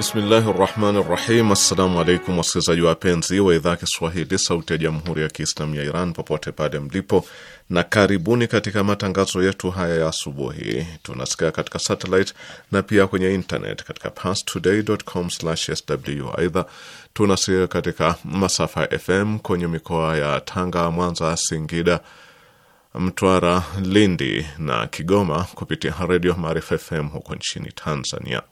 Bismillahi rahmani rahim. Assalamu alaikum wasikilizaji wapenzi wa idhaa Kiswahili sauti ya jamhuri ya Kiislamu ya Iran popote pale mlipo, na karibuni katika matangazo yetu haya ya asubuhi. Tunasikia katika satellite na pia kwenye internet katika pastodaycom sw Aidha, tunasikia katika masafa ya FM kwenye mikoa ya Tanga, Mwanza, Singida, Mtwara, Lindi na Kigoma kupitia redio Maarifa FM huko nchini Tanzania.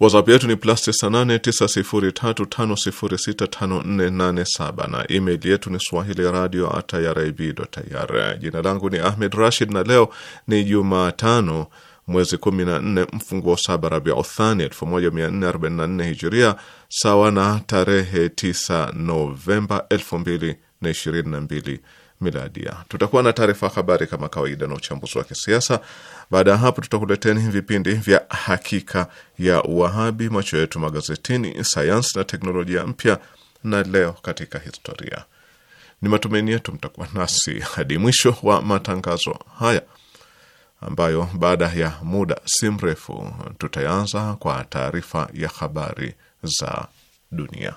WhatsApp yetu ni plus 989035065487 na email yetu ni swahili radio at irib.ir. Jina langu ni Ahmed Rashid na leo ni Jumatano mwezi 14 mfunguo saba Rabiu Thani 1444 Hijiria, sawa na tarehe 9 Novemba 2022 miladia. Tutakuwa na taarifa habari kama kawaida na uchambuzi wa kisiasa. Baada ya hapo, tutakuleteni vipindi vya Hakika ya Wahabi, Macho Yetu Magazetini, Sayansi na Teknolojia Mpya na Leo katika Historia. Ni matumaini yetu mtakuwa nasi hadi mwisho wa matangazo haya ambayo baada ya muda si mrefu tutaanza kwa taarifa ya habari za dunia.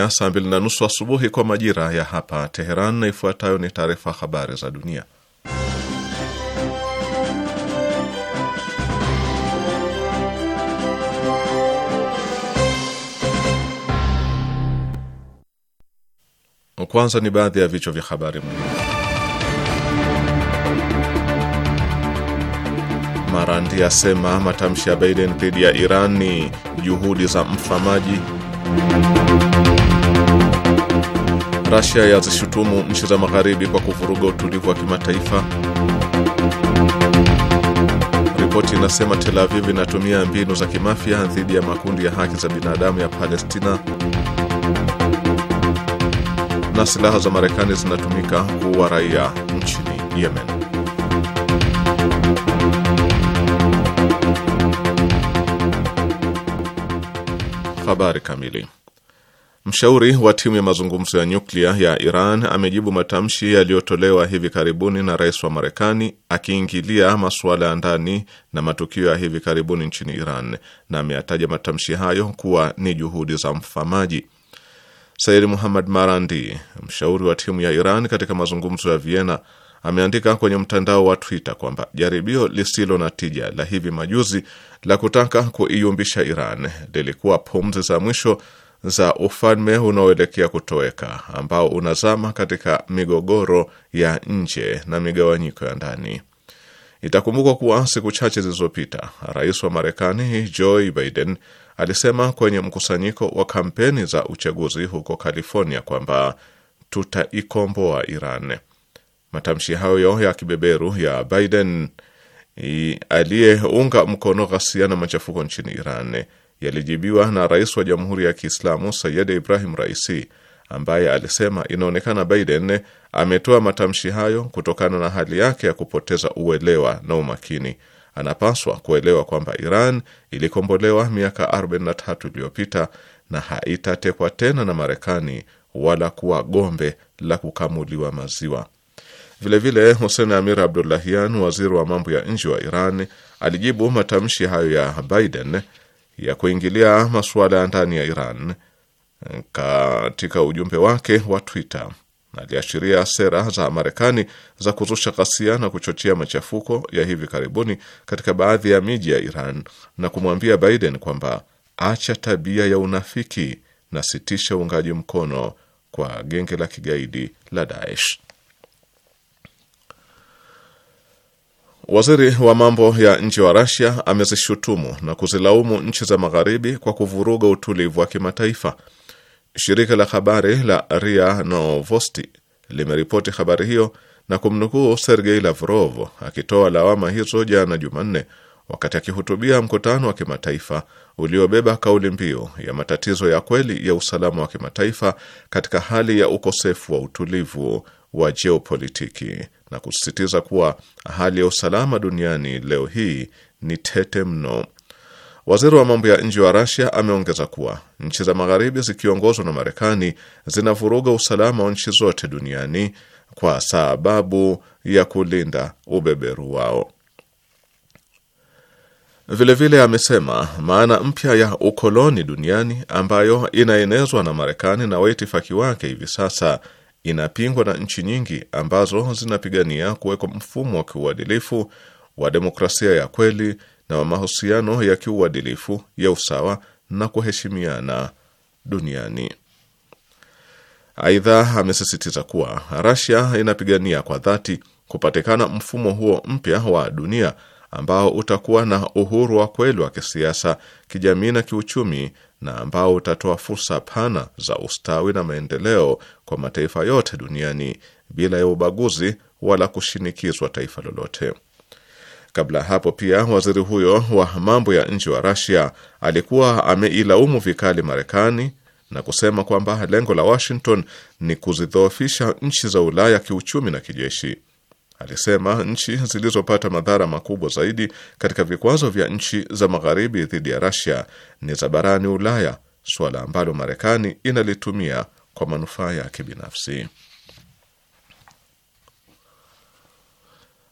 Imetimia saa mbili na nusu asubuhi kwa majira ya hapa Teheran, na ifuatayo ni taarifa habari za dunia. Kwanza ni baadhi ya vichwa vya habari muhimu. Marandi asema matamshi ya Biden dhidi ya Iran ni juhudi za mfamaji. Rasia yazishutumu nchi za magharibi kwa kuvuruga utulivu wa kimataifa. Ripoti inasema Tel Aviv inatumia mbinu za kimafia dhidi ya makundi ya haki za binadamu ya Palestina. Na silaha za Marekani zinatumika kuua raia nchini Yemen. Habari kamili Mshauri wa timu ya mazungumzo ya nyuklia ya Iran amejibu matamshi yaliyotolewa hivi karibuni na rais wa Marekani akiingilia masuala ya ndani na matukio ya hivi karibuni nchini Iran na ameyataja matamshi hayo kuwa ni juhudi za mfamaji. Said Muhammad Marandi, mshauri wa timu ya Iran katika mazungumzo ya Vienna, ameandika kwenye mtandao wa Twitter kwamba jaribio lisilo na tija la hivi majuzi la kutaka kuiumbisha Iran lilikuwa pumzi za mwisho za ufalme unaoelekea kutoweka ambao unazama katika migogoro ya nje na migawanyiko ya ndani. Itakumbukwa kuwa siku chache zilizopita rais wa Marekani Joe Biden alisema kwenye mkusanyiko wa kampeni za uchaguzi huko California kwamba tutaikomboa Iran. Matamshi hayo ya kibeberu ya Biden aliyeunga mkono ghasia na machafuko nchini Iran yalijibiwa na rais wa Jamhuri ya Kiislamu Sayyid Ibrahim Raisi ambaye alisema inaonekana Biden ametoa matamshi hayo kutokana na hali yake ya kupoteza uelewa na umakini. Anapaswa kuelewa kwamba Iran ilikombolewa miaka 43 iliyopita na haitatekwa tena na Marekani wala kuwa gombe la kukamuliwa maziwa. Vilevile, Hussein Amir Abdullahian, waziri wa mambo ya nje wa Iran, alijibu matamshi hayo ya Biden ya kuingilia masuala ya ndani ya Iran. Katika ujumbe wake wa Twitter aliashiria sera za Marekani za kuzusha ghasia na kuchochea machafuko ya hivi karibuni katika baadhi ya miji ya Iran na kumwambia Biden kwamba acha tabia ya unafiki na sitisha uungaji mkono kwa genge la kigaidi la Daesh. Waziri wa mambo ya nje wa Rasia amezishutumu na kuzilaumu nchi za magharibi kwa kuvuruga utulivu wa kimataifa. Shirika la habari la Ria Novosti limeripoti habari hiyo na kumnukuu Sergei Lavrov akitoa lawama hizo jana Jumanne wakati akihutubia mkutano wa kimataifa uliobeba kauli mbiu ya matatizo ya kweli ya usalama wa kimataifa katika hali ya ukosefu wa utulivu wa jeopolitiki na kusisitiza kuwa hali ya usalama duniani leo hii ni tete mno. Waziri wa mambo ya nje wa Rasia ameongeza kuwa nchi za magharibi zikiongozwa na Marekani zinavuruga usalama wa nchi zote duniani kwa sababu ya kulinda ubeberu wao. Vilevile vile amesema maana mpya ya ukoloni duniani ambayo inaenezwa na Marekani na waitifaki wake hivi sasa inapingwa na nchi nyingi ambazo zinapigania kuwekwa mfumo wa kiuadilifu wa demokrasia ya kweli na wa mahusiano ya kiuadilifu ya usawa na kuheshimiana duniani. Aidha, amesisitiza kuwa Russia inapigania kwa dhati kupatikana mfumo huo mpya wa dunia ambao utakuwa na uhuru wa kweli wa kisiasa, kijamii na kiuchumi na ambao utatoa fursa pana za ustawi na maendeleo kwa mataifa yote duniani bila ya ubaguzi wala kushinikizwa taifa lolote. Kabla ya hapo pia waziri huyo wa mambo ya nje wa Russia alikuwa ameilaumu vikali Marekani na kusema kwamba lengo la Washington ni kuzidhoofisha nchi za Ulaya kiuchumi na kijeshi. Alisema nchi zilizopata madhara makubwa zaidi katika vikwazo vya nchi za magharibi dhidi ya Russia ni za barani Ulaya, suala ambalo Marekani inalitumia kwa manufaa yake binafsi.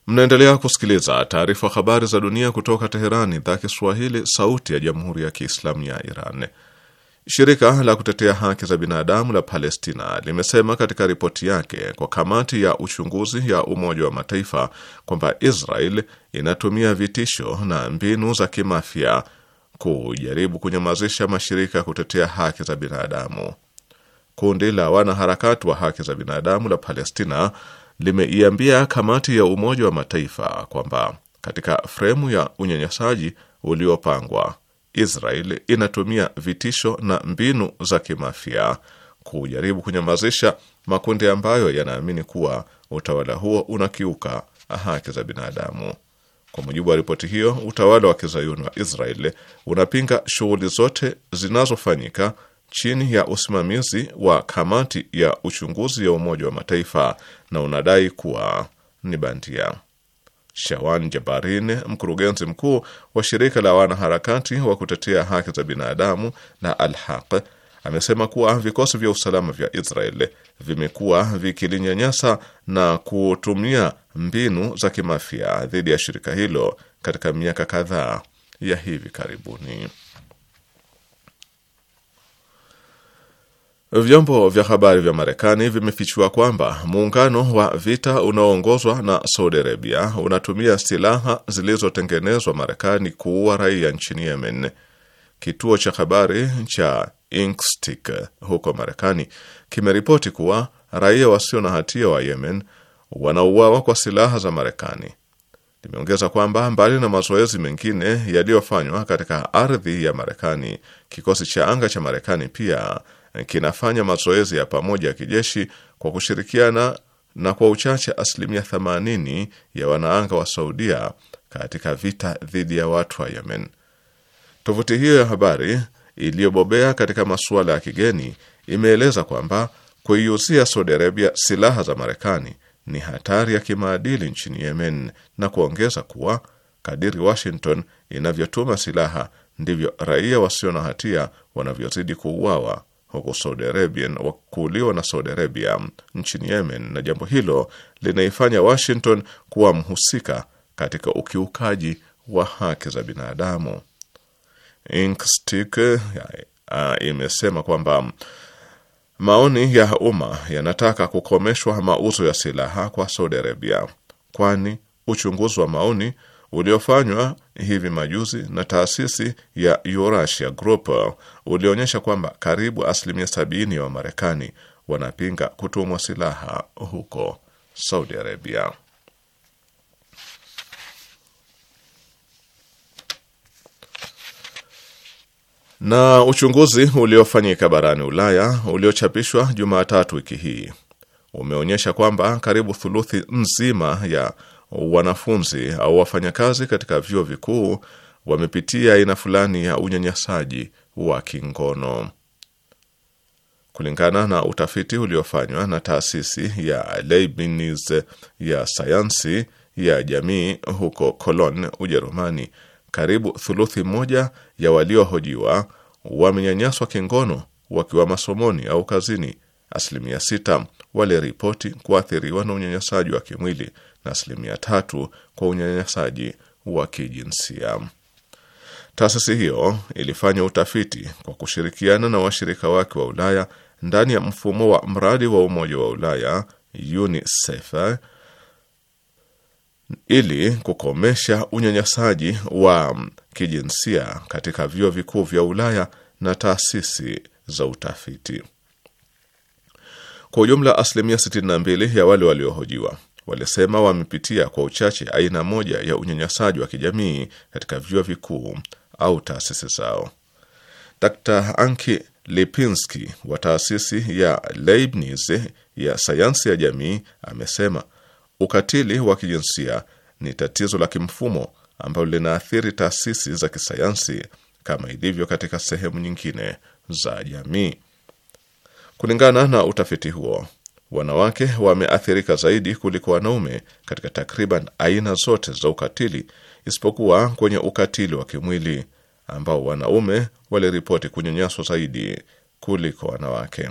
Mnaendelea kusikiliza taarifa habari za dunia kutoka Teherani, idhaa Kiswahili, sauti ya jamhuri ya kiislamu ya Iran. Shirika la kutetea haki za binadamu la Palestina limesema katika ripoti yake kwa kamati ya uchunguzi ya Umoja wa Mataifa kwamba Israel inatumia vitisho na mbinu za kimafia kujaribu kunyamazisha mashirika ya kutetea haki za binadamu. Kundi la wanaharakati wa haki za binadamu la Palestina limeiambia kamati ya Umoja wa Mataifa kwamba katika fremu ya unyanyasaji uliopangwa israel inatumia vitisho na mbinu za kimafia kujaribu kunyamazisha makundi ambayo yanaamini kuwa utawala huo unakiuka haki za binadamu. Kwa mujibu wa ripoti hiyo, utawala wa kizayuni wa israel unapinga shughuli zote zinazofanyika chini ya usimamizi wa kamati ya uchunguzi ya Umoja wa Mataifa na unadai kuwa ni bandia. Shawan Jabarin, mkurugenzi mkuu wa shirika la wanaharakati wa kutetea haki za binadamu na Al-Haq, amesema kuwa vikosi vya usalama vya Israel vimekuwa vikilinyanyasa na kutumia mbinu za kimafia dhidi ya shirika hilo katika miaka kadhaa ya hivi karibuni. Vyombo vya habari vya Marekani vimefichua kwamba muungano wa vita unaoongozwa na Saudi Arabia unatumia silaha zilizotengenezwa Marekani kuua raia nchini Yemen. Kituo cha habari cha inkstik huko Marekani kimeripoti kuwa raia wasio na hatia wa Yemen wanauawa kwa silaha za Marekani. Limeongeza kwamba mbali na mazoezi mengine yaliyofanywa katika ardhi ya Marekani, kikosi cha anga cha Marekani pia kinafanya mazoezi ya pamoja ya kijeshi kwa kushirikiana na kwa uchache asilimia 80 ya wanaanga wa Saudia katika vita dhidi ya watu wa Yemen. Tovuti hiyo ya habari iliyobobea katika masuala ya kigeni imeeleza kwamba kuiuzia Saudi Arabia silaha za Marekani ni hatari ya kimaadili nchini Yemen na kuongeza kuwa kadiri Washington inavyotuma silaha ndivyo raia wasio na hatia wanavyozidi kuuawa huku Saudi Arabia wakuliwa na Saudi Arabia nchini Yemen, na jambo hilo linaifanya Washington kuwa mhusika katika ukiukaji wa haki za binadamu. Inkstick imesema kwamba maoni ya umma yanataka kukomeshwa mauzo ya silaha kwa Saudi Arabia, kwani uchunguzi wa maoni uliofanywa hivi majuzi na taasisi ya Eurasia Group ulionyesha kwamba karibu asilimia sabini ya Wamarekani wanapinga kutumwa silaha huko Saudi Arabia. Na uchunguzi uliofanyika barani Ulaya uliochapishwa Jumatatu wiki hii umeonyesha kwamba karibu thuluthi nzima ya wanafunzi au wafanyakazi katika vyuo vikuu wamepitia aina fulani ya unyanyasaji wa kingono. Kulingana na utafiti uliofanywa na taasisi ya Leibniz ya sayansi ya jamii huko Cologne, Ujerumani, karibu thuluthi moja ya waliohojiwa wamenyanyaswa kingono wakiwa masomoni au kazini. Asilimia sita waliripoti kuathiriwa na unyanyasaji wa kimwili na asilimia tatu kwa unyanyasaji wa kijinsia. Taasisi hiyo ilifanya utafiti kwa kushirikiana na washirika wake wa Ulaya ndani ya mfumo wa mradi wa Umoja wa Ulaya UNICEF ili kukomesha unyanyasaji wa kijinsia katika vyuo vikuu vya Ulaya na taasisi za utafiti. Kwa ujumla, asilimia 62 ya wale waliohojiwa walisema wamepitia kwa uchache aina moja ya unyanyasaji wa kijamii katika vyuo vikuu au taasisi zao. Dr. Anki Lipinski wa taasisi ya Leibniz ya sayansi ya jamii amesema ukatili wa kijinsia ni tatizo la kimfumo ambalo linaathiri taasisi za kisayansi kama ilivyo katika sehemu nyingine za jamii. Kulingana na utafiti huo, Wanawake wameathirika zaidi kuliko wanaume katika takriban aina zote za ukatili isipokuwa kwenye ukatili wa kimwili ambao wanaume waliripoti kunyanyaswa zaidi kuliko wanawake.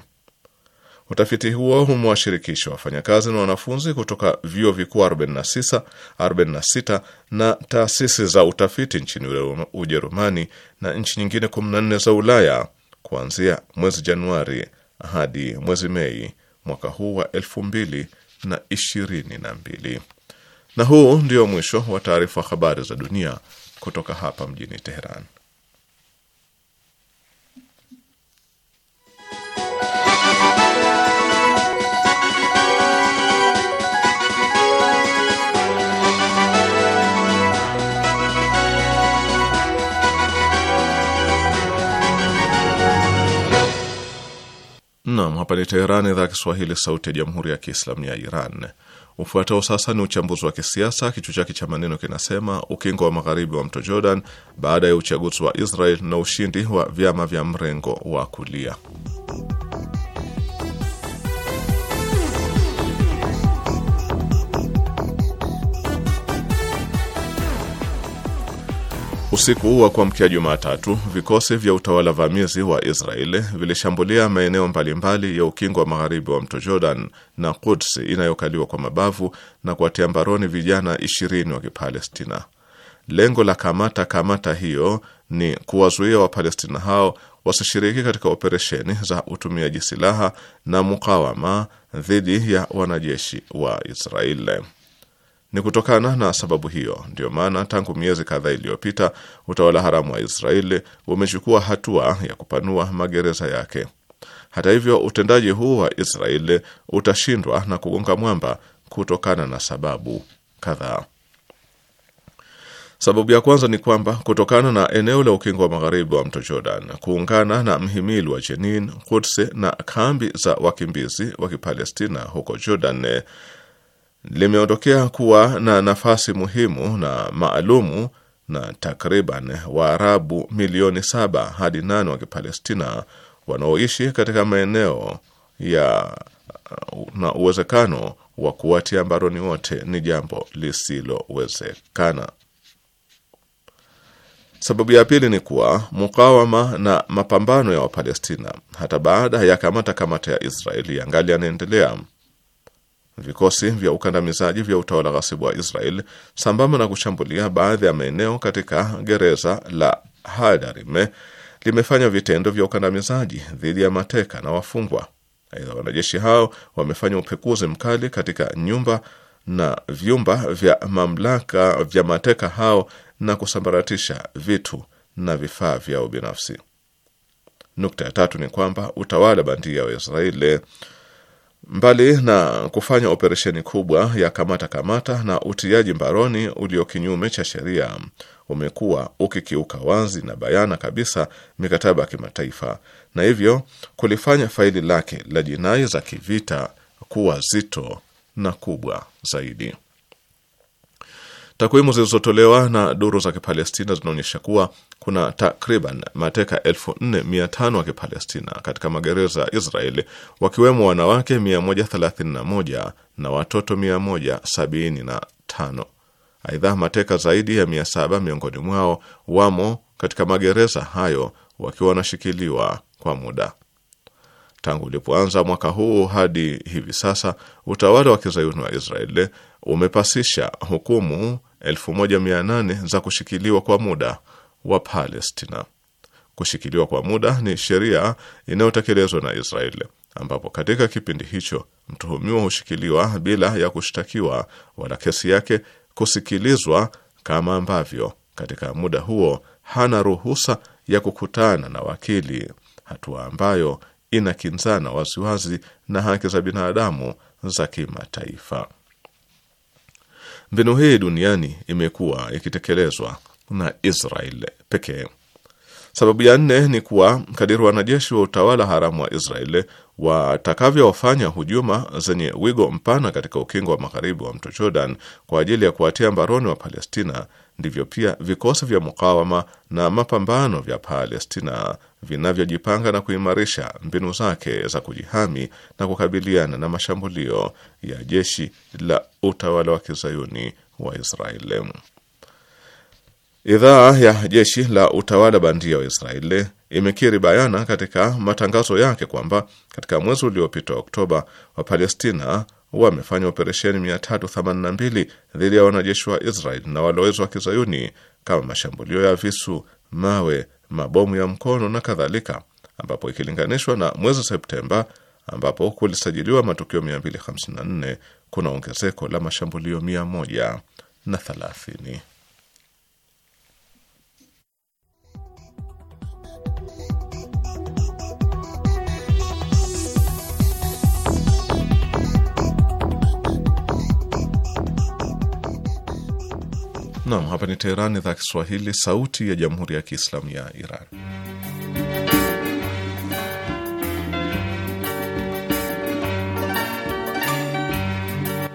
Utafiti huo umewashirikisha wafanyakazi na wanafunzi kutoka vyuo vikuu 46, 46 na taasisi za utafiti nchini Ujerumani na nchi nyingine 14 za Ulaya kuanzia mwezi Januari hadi mwezi Mei mwaka huu wa elfu mbili na ishirini na mbili. Na huu ndio mwisho wa taarifa habari za dunia kutoka hapa mjini Teheran. Nam, hapa ni Teherani, idhaa ya Kiswahili, sauti ya jamhuri ya kiislamu ya Iran. Ufuatao sasa ni uchambuzi wa kisiasa, kichwa chake cha maneno kinasema ukingo wa magharibi wa mto Jordan baada ya uchaguzi wa Israel na ushindi wa vyama vya mrengo wa kulia. Usiku huu wa kuamkia Jumatatu, vikosi vya utawala vamizi wa Israeli vilishambulia maeneo mbalimbali ya ukingo wa magharibi wa mto Jordan na Quds inayokaliwa kwa mabavu na kuwatia mbaroni vijana ishirini wa Kipalestina. Lengo la kamata kamata hiyo ni kuwazuia Wapalestina hao wasishiriki katika operesheni za utumiaji silaha na mukawama dhidi ya wanajeshi wa Israeli. Ni kutokana na sababu hiyo ndiyo maana tangu miezi kadhaa iliyopita utawala haramu wa Israeli umechukua hatua ya kupanua magereza yake. Hata hivyo, utendaji huu wa Israeli utashindwa na kugonga mwamba kutokana na sababu kadhaa. Sababu ya kwanza ni kwamba kutokana na eneo la ukingo wa magharibi wa mto Jordan kuungana na mhimili wa Jenin, Quds na kambi za wakimbizi wa Kipalestina huko Jordan limeondokea kuwa na nafasi muhimu na maalumu na takriban Waarabu milioni saba hadi nane wa Kipalestina wanaoishi katika maeneo ya uh, na uwezekano wa kuwatia mbaroni wote ni jambo lisilowezekana. Sababu ya pili ni kuwa mukawama na mapambano ya Wapalestina hata baada ya kamata kamata ya Israeli yangali yanaendelea. Vikosi vya ukandamizaji vya utawala ghasibu wa Israel sambamba na kushambulia baadhi ya maeneo katika gereza la Hadarime limefanya vitendo vya ukandamizaji dhidi ya mateka na wafungwa. Aidha, wanajeshi hao wamefanya upekuzi mkali katika nyumba na vyumba vya mamlaka vya mateka hao na kusambaratisha vitu na vifaa vyao binafsi. Nukta ya tatu ni kwamba utawala bandia wa Israeli Mbali na kufanya operesheni kubwa ya kamata kamata na utiaji mbaroni ulio kinyume cha sheria, umekuwa ukikiuka wazi na bayana kabisa mikataba ya kimataifa na hivyo kulifanya faili lake la jinai za kivita kuwa zito na kubwa zaidi. Takwimu zilizotolewa na duru za Kipalestina zinaonyesha kuwa kuna takriban mateka 4500 wa Kipalestina katika magereza ya Israeli, wakiwemo wanawake 131 na watoto 175. Aidha, mateka zaidi ya 700 miongoni mwao wamo katika magereza hayo wakiwa wanashikiliwa kwa muda. Tangu ulipoanza mwaka huu hadi hivi sasa, utawala wa kizayuni wa Israeli umepasisha hukumu 1800 za kushikiliwa kwa muda wa Palestina. Kushikiliwa kwa muda ni sheria inayotekelezwa na Israeli, ambapo katika kipindi hicho mtuhumiwa hushikiliwa bila ya kushtakiwa wala kesi yake kusikilizwa, kama ambavyo katika muda huo hana ruhusa ya kukutana na wakili, hatua ambayo inakinzana waziwazi na haki za binadamu za kimataifa. Mbinu hii duniani imekuwa ikitekelezwa na Israel pekee. Sababu ya nne ni kuwa kadiri wanajeshi wa utawala haramu wa Israel watakavyofanya hujuma zenye wigo mpana katika ukingo wa magharibi wa mto Jordan kwa ajili ya kuwatia mbaroni wa Palestina, ndivyo pia vikosi vya mukawama na mapambano vya Palestina vinavyojipanga na kuimarisha mbinu zake za kujihami na kukabiliana na mashambulio ya jeshi la utawala wa kizayuni wa Israeli. Idhaa ya jeshi la utawala bandia wa Israeli imekiri bayana katika matangazo yake kwamba katika mwezi uliopita wa Oktoba, Wapalestina wamefanya operesheni 382 dhidi ya wanajeshi wa Israeli na walowezi wa kizayuni kama mashambulio ya visu, mawe mabomu ya mkono na kadhalika, ambapo ikilinganishwa na mwezi Septemba ambapo kulisajiliwa matukio 254 kuna ongezeko la mashambulio 130. Naam, hapa ni teheran idhaa ya Kiswahili, sauti ya jamhuri ya kiislamu ya Iran.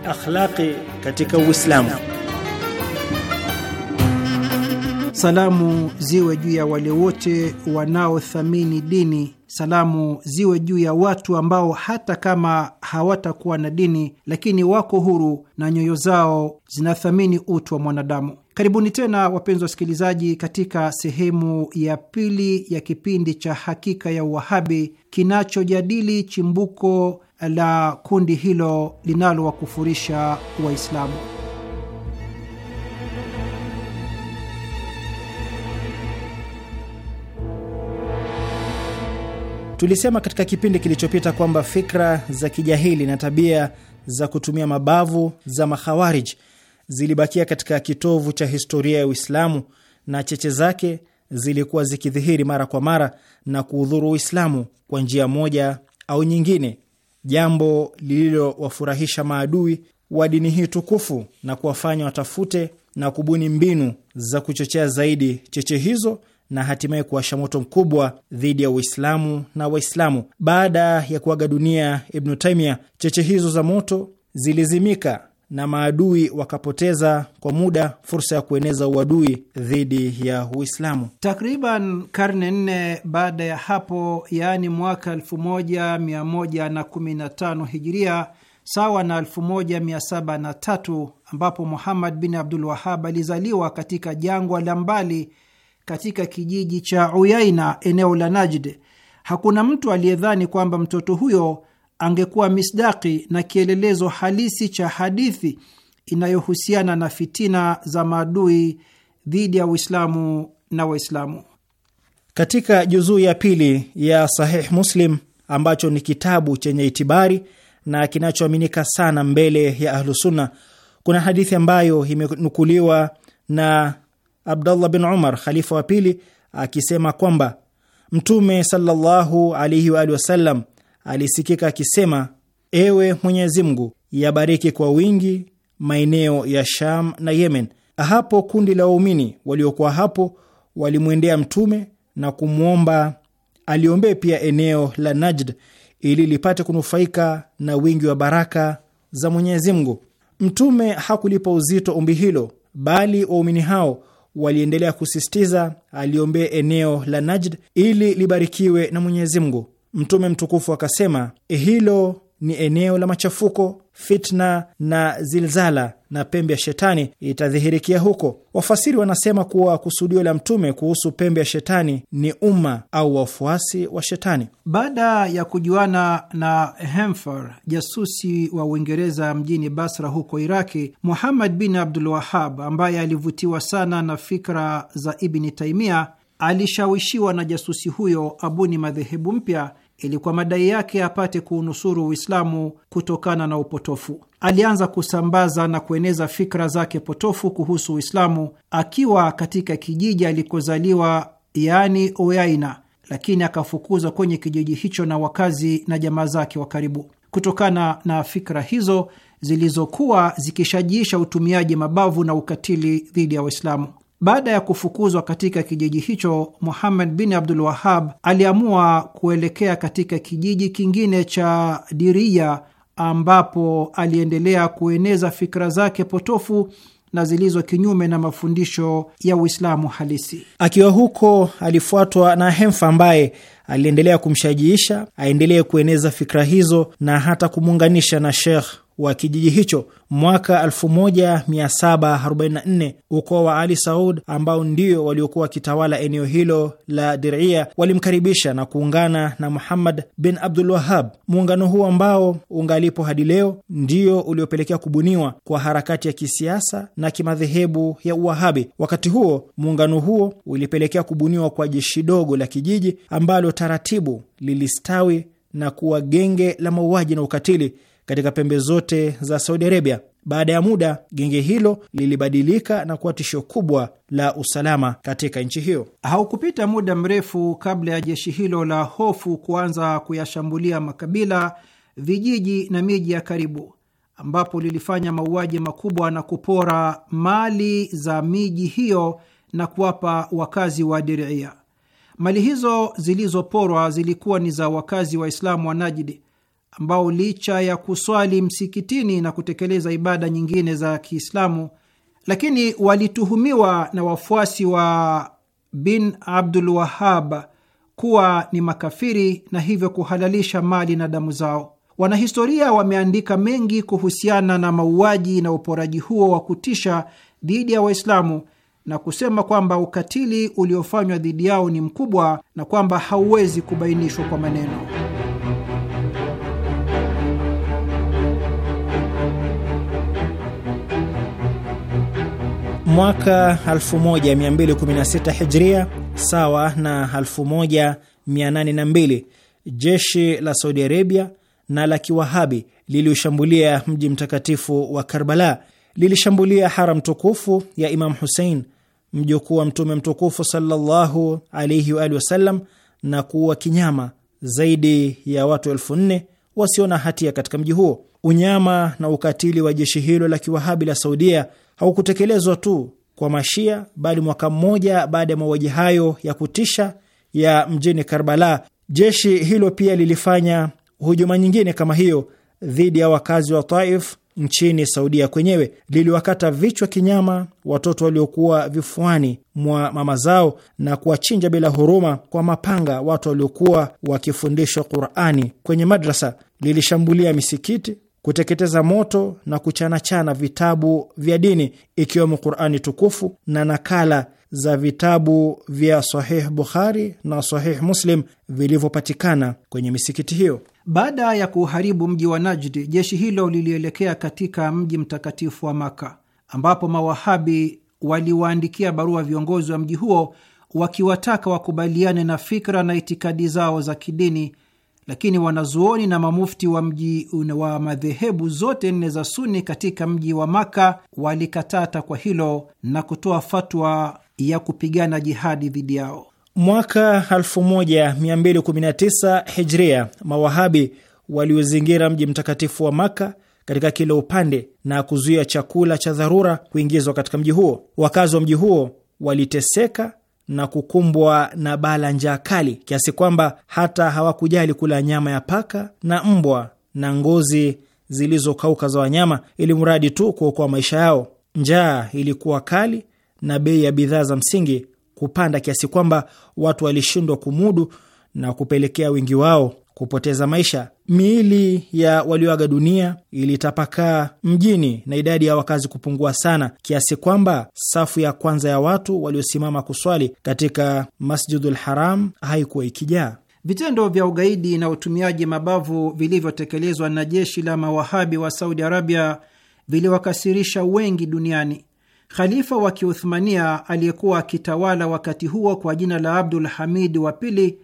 Akhlaqi katika Uislamu. Salamu ziwe juu ya wale wote wanaothamini dini. Salamu ziwe juu ya watu ambao hata kama hawatakuwa na dini, lakini wako huru na nyoyo zao zinathamini utu wa mwanadamu. Karibuni tena wapenzi wasikilizaji, katika sehemu ya pili ya kipindi cha Hakika ya Uwahabi kinachojadili chimbuko la kundi hilo linalowakufurisha Waislamu. Tulisema katika kipindi kilichopita kwamba fikra za kijahili na tabia za kutumia mabavu za Mahawarij zilibakia katika kitovu cha historia ya Uislamu na cheche zake zilikuwa zikidhihiri mara kwa mara na kuudhuru Uislamu kwa njia moja au nyingine, jambo lililowafurahisha maadui wa dini hii tukufu na kuwafanya watafute na kubuni mbinu za kuchochea zaidi cheche hizo na hatimaye kuwasha moto mkubwa dhidi ya Uislamu na Waislamu. Baada ya kuaga dunia Ibnu Taimia, cheche hizo za moto zilizimika na maadui wakapoteza kwa muda fursa ya kueneza uadui dhidi ya Uislamu. Takriban karne nne baada ya hapo, yaani mwaka 1115 Hijiria, sawa na 1703, ambapo Muhammad bin Abdul Wahab alizaliwa katika jangwa la mbali katika kijiji cha Uyaina, eneo la Najd. Hakuna mtu aliyedhani kwamba mtoto huyo angekuwa misdaki na kielelezo halisi cha hadithi inayohusiana na fitina za maadui dhidi ya Uislamu na Waislamu. Katika juzuu ya pili ya Sahih Muslim, ambacho ni kitabu chenye itibari na kinachoaminika sana mbele ya Ahlusunna, kuna hadithi ambayo imenukuliwa na Abdullah bin Umar, khalifa wa pili, akisema kwamba Mtume sallallahu alaihi wa alihi wasallam alisikika akisema: ewe Mwenyezi Mungu, yabariki kwa wingi maeneo ya Sham na Yemen. Hapo kundi la waumini waliokuwa hapo walimwendea Mtume na kumwomba aliombee pia eneo la Najd ili lipate kunufaika na wingi wa baraka za Mwenyezi Mungu. Mtume hakulipa uzito ombi hilo, bali waumini hao waliendelea kusisitiza aliombee eneo la Najd ili libarikiwe na Mwenyezi Mungu. Mtume mtukufu akasema, hilo ni eneo la machafuko, fitna na zilzala, na pembe ya shetani itadhihirikia huko. Wafasiri wanasema kuwa kusudio la Mtume kuhusu pembe ya shetani ni umma au wafuasi wa shetani. Baada ya kujuana na Hemfer, jasusi wa Uingereza mjini Basra huko Iraki, Muhammad bin Abdul Wahab ambaye alivutiwa sana na fikra za Ibni Taimia alishawishiwa na jasusi huyo abuni madhehebu mpya ili kwa madai yake apate kuunusuru Uislamu kutokana na upotofu. Alianza kusambaza na kueneza fikra zake potofu kuhusu Uislamu akiwa katika kijiji alikozaliwa, yaani Oyaina, lakini akafukuzwa kwenye kijiji hicho na wakazi na jamaa zake wa karibu kutokana na fikra hizo zilizokuwa zikishajiisha utumiaji mabavu na ukatili dhidi ya Waislamu. Baada ya kufukuzwa katika kijiji hicho, Muhammad bin Abdul Wahab aliamua kuelekea katika kijiji kingine cha Diria ambapo aliendelea kueneza fikra zake potofu na zilizo kinyume na mafundisho ya Uislamu halisi. Akiwa huko, alifuatwa na Hemfa ambaye aliendelea kumshajiisha aendelee kueneza fikra hizo na hata kumuunganisha na Sheikh wa kijiji hicho. Mwaka 1744 ukoo wa Ali Saud ambao ndio waliokuwa wakitawala eneo hilo la Diria walimkaribisha na kuungana na Muhammad bin Abdul Wahab. Muungano huo ambao ungalipo hadi leo ndio uliopelekea kubuniwa kwa harakati ya kisiasa na kimadhehebu ya Uwahabi. Wakati huo muungano huo ulipelekea kubuniwa kwa jeshi dogo la kijiji ambalo taratibu lilistawi na kuwa genge la mauaji na ukatili katika pembe zote za Saudi Arabia. Baada ya muda, genge hilo lilibadilika na kuwa tisho kubwa la usalama katika nchi hiyo. Haukupita muda mrefu kabla ya jeshi hilo la hofu kuanza kuyashambulia makabila, vijiji na miji ya karibu, ambapo lilifanya mauaji makubwa na kupora mali za miji hiyo na kuwapa wakazi wa Diria. Mali hizo zilizoporwa zilikuwa ni za wakazi Waislamu wa Najdi ambao licha ya kuswali msikitini na kutekeleza ibada nyingine za Kiislamu, lakini walituhumiwa na wafuasi wa bin Abdul Wahab kuwa ni makafiri na hivyo kuhalalisha mali na damu zao. Wanahistoria wameandika mengi kuhusiana na mauaji na uporaji huo wa kutisha dhidi ya Waislamu na kusema kwamba ukatili uliofanywa dhidi yao ni mkubwa na kwamba hauwezi kubainishwa kwa maneno. mwaka 1216 Hijria, sawa na 1802, jeshi la Saudi Arabia na la Kiwahabi liliushambulia mji mtakatifu wa Karbala. Lilishambulia haram tukufu ya Imam Husein, mjukuu wa Mtume mtukufu sallallahu alaihi waalihi wasallam, na kuua kinyama zaidi ya watu elfu nne wasio na hatia katika mji huo. Unyama na ukatili wa jeshi hilo la Kiwahabi la Saudia haukutekelezwa tu kwa Mashia, bali mwaka mmoja baada ya mauaji hayo ya kutisha ya mjini Karbala, jeshi hilo pia lilifanya hujuma nyingine kama hiyo dhidi ya wakazi wa Taif nchini Saudia kwenyewe. Liliwakata vichwa kinyama watoto waliokuwa vifuani mwa mama zao na kuwachinja bila huruma kwa mapanga watu waliokuwa wakifundishwa Qurani kwenye madrasa. Lilishambulia misikiti kuteketeza moto na kuchanachana vitabu vya dini ikiwemo Qurani tukufu na nakala za vitabu vya Sahih Bukhari na Sahih Muslim vilivyopatikana kwenye misikiti hiyo. Baada ya kuuharibu mji wa Najd, jeshi hilo lilielekea katika mji mtakatifu wa Maka ambapo Mawahabi waliwaandikia barua viongozi wa mji huo wakiwataka wakubaliane na fikra na itikadi zao za kidini lakini wanazuoni na mamufti wa mji wa madhehebu zote nne za Suni katika mji wa Maka walikataa takwa hilo na kutoa fatwa ya kupigana jihadi dhidi yao. Mwaka 1219 Hijria, Mawahabi waliozingira mji mtakatifu wa Maka katika kila upande na kuzuia chakula cha dharura kuingizwa katika mji huo. Wakazi wa mji huo waliteseka na kukumbwa na bala njaa kali kiasi kwamba hata hawakujali kula nyama ya paka na mbwa na ngozi zilizokauka za wanyama, ili mradi tu kuokoa maisha yao. Njaa ilikuwa kali na bei ya bidhaa za msingi kupanda kiasi kwamba watu walishindwa kumudu na kupelekea wingi wao kupoteza maisha. Miili ya walioaga dunia ilitapakaa mjini na idadi ya wakazi kupungua sana kiasi kwamba safu ya kwanza ya watu waliosimama kuswali katika Masjidul Haram haikuwa ikijaa. Vitendo vya ugaidi na utumiaji mabavu vilivyotekelezwa na jeshi la mawahabi wa Saudi Arabia viliwakasirisha wengi duniani. Khalifa wa Kiuthmania aliyekuwa akitawala wakati huo kwa jina la Abdul Hamid wa pili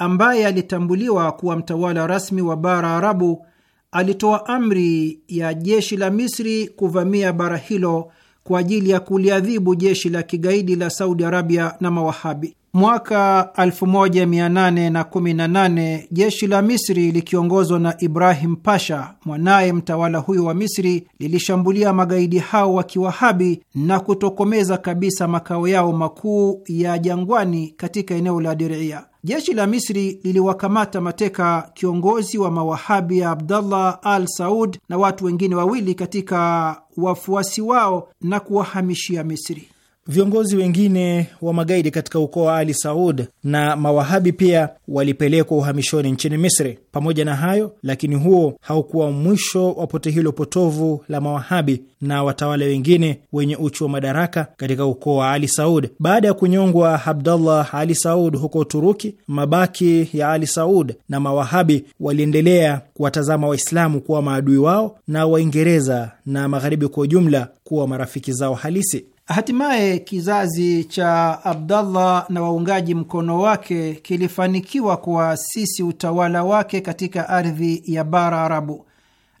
ambaye alitambuliwa kuwa mtawala rasmi wa bara Arabu, alitoa amri ya jeshi la Misri kuvamia bara hilo kwa ajili ya kuliadhibu jeshi la kigaidi la Saudi Arabia na mawahabi. Mwaka 1818 jeshi la Misri likiongozwa na Ibrahim Pasha, mwanaye mtawala huyo wa Misri, lilishambulia magaidi hao wa Kiwahabi na kutokomeza kabisa makao yao makuu ya jangwani katika eneo la Diria. Jeshi la Misri liliwakamata mateka kiongozi wa mawahabi ya Abdallah al Saud na watu wengine wawili katika wafuasi wao na kuwahamishia Misri. Viongozi wengine wa magaidi katika ukoo wa Ali Saud na mawahabi pia walipelekwa uhamishoni nchini Misri. Pamoja na hayo lakini, huo haukuwa mwisho wa pote hilo potovu la mawahabi na watawala wengine wenye uchu wa madaraka katika ukoo wa Ali Saud. Baada ya kunyongwa abdullah Ali Saud huko Uturuki, mabaki ya Ali Saud na mawahabi waliendelea kuwatazama Waislamu kuwa maadui wao na Waingereza na magharibi kwa ujumla kuwa marafiki zao halisi. Hatimaye kizazi cha Abdallah na waungaji mkono wake kilifanikiwa kuasisi utawala wake katika ardhi ya bara Arabu,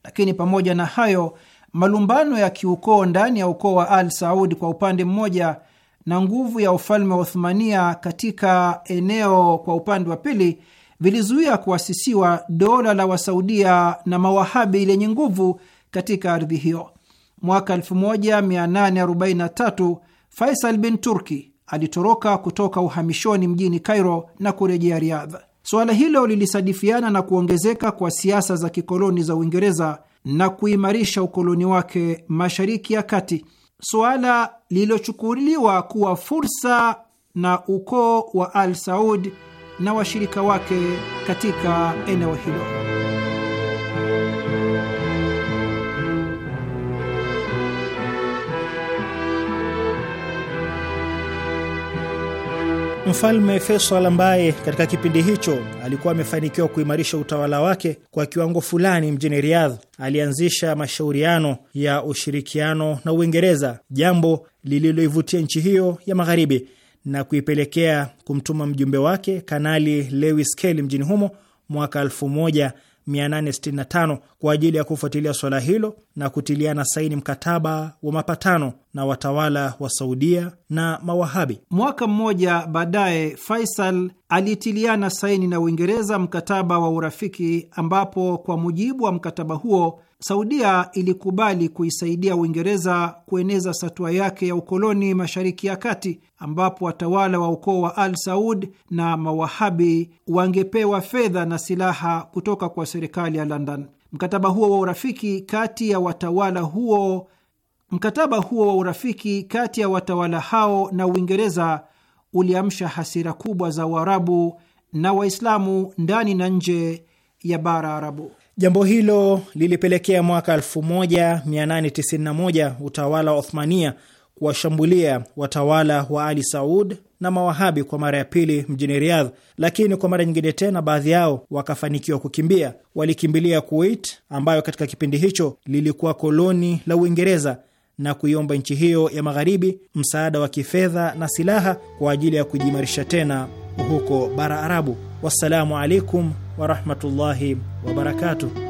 lakini pamoja na hayo malumbano ya kiukoo ndani ya ukoo wa Al Saudi kwa upande mmoja na nguvu ya ufalme wa Uthmania katika eneo kwa upande wa pili vilizuia kuasisiwa dola la Wasaudia na Mawahabi lenye nguvu katika ardhi hiyo mwaka 1843 Faisal bin Turki alitoroka kutoka uhamishoni mjini Cairo na kurejea Riyadh. Suala hilo lilisadifiana na kuongezeka kwa siasa za kikoloni za Uingereza na kuimarisha ukoloni wake Mashariki ya Kati, suala lililochukuliwa kuwa fursa na ukoo wa Al Saud na washirika wake katika eneo hilo. Mfalme Faisal ambaye katika kipindi hicho alikuwa amefanikiwa kuimarisha utawala wake kwa kiwango fulani mjini Riyadh, alianzisha mashauriano ya ushirikiano na Uingereza, jambo lililoivutia nchi hiyo ya magharibi na kuipelekea kumtuma mjumbe wake Kanali Lewis Kelly mjini humo mwaka 1865 kwa ajili ya kufuatilia swala hilo na kutiliana saini mkataba wa mapatano na watawala wa Saudia na Mawahabi. Mwaka mmoja baadaye, Faisal alitiliana saini na Uingereza mkataba wa urafiki, ambapo kwa mujibu wa mkataba huo Saudia ilikubali kuisaidia Uingereza kueneza satua yake ya ukoloni Mashariki ya Kati, ambapo watawala wa ukoo wa Al Saud na Mawahabi wangepewa fedha na silaha kutoka kwa serikali ya London. Mkataba huo wa urafiki kati ya watawala huo mkataba huo wa urafiki kati ya watawala hao na Uingereza uliamsha hasira kubwa za Waarabu na Waislamu ndani na nje ya bara Arabu. Jambo hilo lilipelekea mwaka 1891 utawala wa Othmania kuwashambulia watawala wa Ali Saud na mawahabi kwa mara ya pili mjini Riyadh, lakini kwa mara nyingine tena baadhi yao wakafanikiwa kukimbia. Walikimbilia Kuwait ambayo katika kipindi hicho lilikuwa koloni la Uingereza na kuiomba nchi hiyo ya magharibi msaada wa kifedha na silaha kwa ajili ya kujiimarisha tena huko bara Arabu. Wassalamu alaikum warahmatullahi wabarakatuh.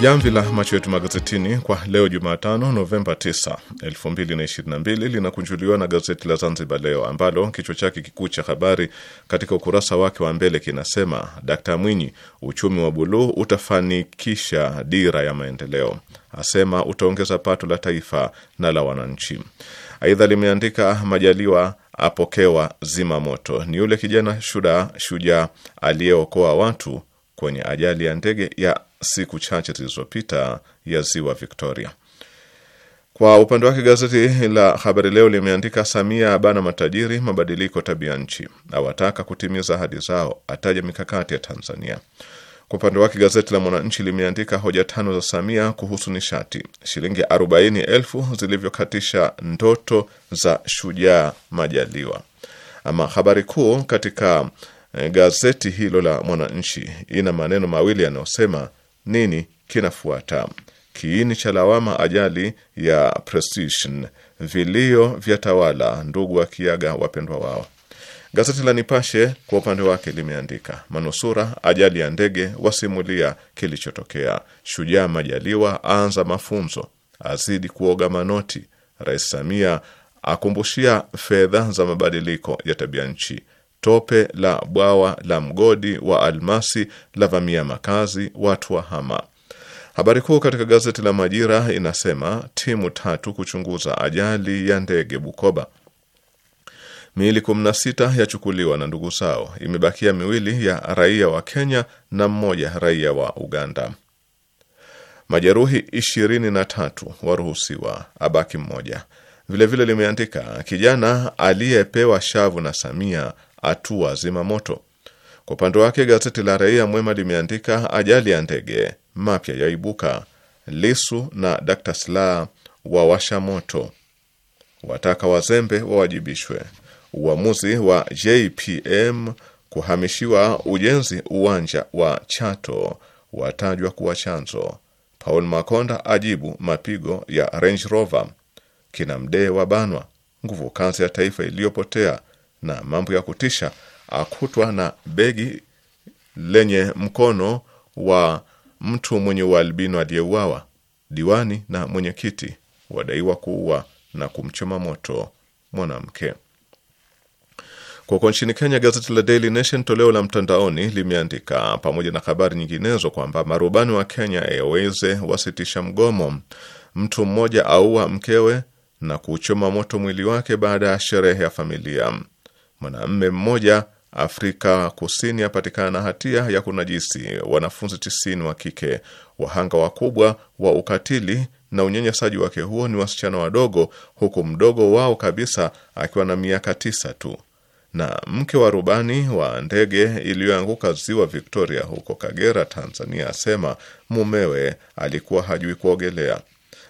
Jamvi la macho yetu magazetini kwa leo Jumatano, Novemba 9, 2022 linakunjuliwa na gazeti la Zanzibar Leo ambalo kichwa chake kikuu cha habari katika ukurasa wake wa mbele kinasema Dkt Mwinyi, uchumi wa buluu utafanikisha dira ya maendeleo, asema utaongeza pato la taifa na la wananchi. Aidha limeandika Majaliwa apokewa zima moto, ni yule kijana shuda shujaa aliyeokoa watu kwenye ajali ya ndege ya siku chache zilizopita ya ziwa Victoria. Kwa upande wake gazeti la Habari Leo limeandika Samia abana matajiri mabadiliko tabia nchi, awataka kutimiza ahadi zao, ataja mikakati ya Tanzania. Kwa upande wake gazeti la Mwananchi limeandika hoja tano za Samia kuhusu nishati, shilingi arobaini elfu zilivyokatisha ndoto za shujaa Majaliwa. Ama habari kuu katika eh, gazeti hilo la Mwananchi ina maneno mawili yanayosema nini kinafuata? Kiini cha lawama ajali ya Precision, vilio vya tawala ndugu akiaga wapendwa wao. Gazeti la Nipashe kwa upande wake limeandika manusura ajali ya ndege wasimulia kilichotokea, shujaa Majaliwa aanza mafunzo, azidi kuoga manoti, Rais Samia akumbushia fedha za mabadiliko ya tabia nchi tope la bwawa la mgodi wa almasi la vamia makazi, watu hama. Habari kuu katika gazeti la Majira inasema timu tatu kuchunguza ajali ya ndege Bukoba. Miili 16 yachukuliwa na ndugu zao. Imebakia miwili ya raia wa Kenya na mmoja raia wa Uganda. Majeruhi 23 waruhusiwa, abaki mmoja. Vilevile limeandika kijana aliyepewa shavu na Samia atua moto Kwa upande wake gazeti la Raia Mwema limeandika ajali ya ndege mapya yaibuka, Lisu na Dr. sla wawasha moto, wataka wazembe wawajibishwe, uamuzi wa JPM kuhamishiwa ujenzi uwanja wa Chato watajwa kuwa chanzo, Paul Makonda ajibu mapigo ya Range Rover, kina Mdee wa banwa, nguvu kazi ya taifa iliyopotea na mambo ya kutisha, akutwa ah, na begi lenye mkono wa mtu mwenye ualbino aliyeuawa. Diwani na mwenyekiti wadaiwa kuua na kumchoma moto mwanamke. Kuko nchini Kenya, gazeti la Daily Nation toleo la mtandaoni limeandika pamoja na habari nyinginezo kwamba marubani wa Kenya Airways wasitisha mgomo. Mtu mmoja aua mkewe na kuchoma moto mwili wake baada ya sherehe ya familia mwanaume mmoja Afrika Kusini apatikana na hatia ya kunajisi wanafunzi tisini wa kike. Wahanga wakubwa wa ukatili na unyanyasaji wake huo ni wasichana wadogo, huku mdogo wao kabisa akiwa na miaka tisa tu. Na mke wa rubani wa ndege iliyoanguka ziwa Victoria huko Kagera, Tanzania, asema mumewe alikuwa hajui kuogelea.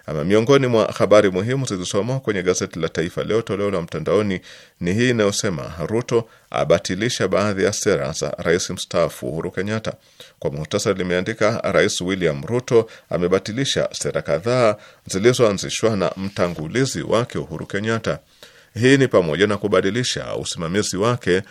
Ama miongoni mwa habari muhimu zilizosomwa kwenye gazeti la Taifa Leo toleo la mtandaoni ni hii inayosema Ruto abatilisha baadhi ya sera za rais mstaafu Uhuru Kenyatta. Kwa muhtasari, limeandika Rais William Ruto amebatilisha sera kadhaa zilizoanzishwa na mtangulizi wake Uhuru Kenyatta. Hii ni pamoja na kubadilisha usimamizi wake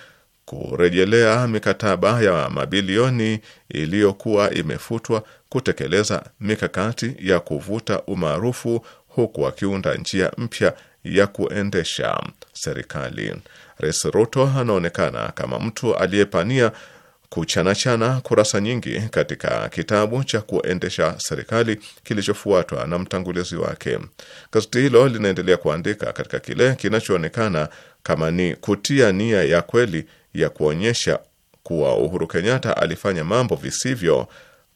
kurejelea mikataba ya mabilioni iliyokuwa imefutwa, kutekeleza mikakati ya kuvuta umaarufu, huku akiunda njia mpya ya kuendesha serikali. Rais Ruto anaonekana kama mtu aliyepania kuchanachana kurasa nyingi katika kitabu cha kuendesha serikali kilichofuatwa na mtangulizi wake. Gazeti hilo linaendelea kuandika katika kile kinachoonekana kama ni kutia nia ya kweli ya kuonyesha kuwa Uhuru Kenyatta alifanya mambo visivyo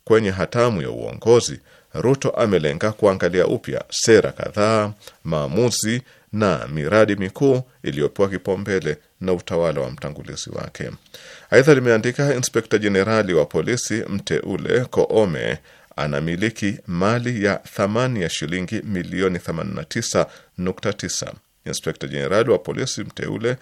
kwenye hatamu ya uongozi, Ruto amelenga kuangalia upya sera kadhaa, maamuzi na miradi mikuu iliyopewa kipaumbele na utawala wa mtangulizi wake. Aidha, limeandika inspekta jenerali wa polisi mteule Koome anamiliki mali ya thamani ya shilingi milioni 89.9. Inspekta jenerali wa polisi mteule